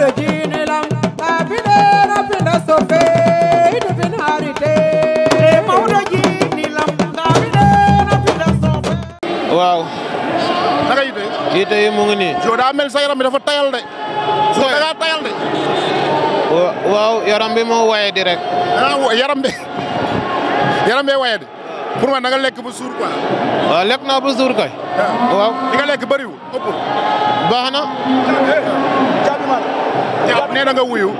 ɓeɗo jiinilam abiɗe rafina sofeyde fin harite mawɗo jiinilam abiɗe rafina sofe waaw naka yite yite yi mu ngi nii jo daa mel sa yaram bi dafa tayal de so da ngaa tayal de waaw yaram bi moo waye di rek ah, yaram bi yaram bi waye di pour man da nga lekk bu suur quoi. waaw lekk naa bu suur kay. Ah. waaw li nga lekk bëriwul ëppul. baax na. Ah, eh. nee na nga wuyu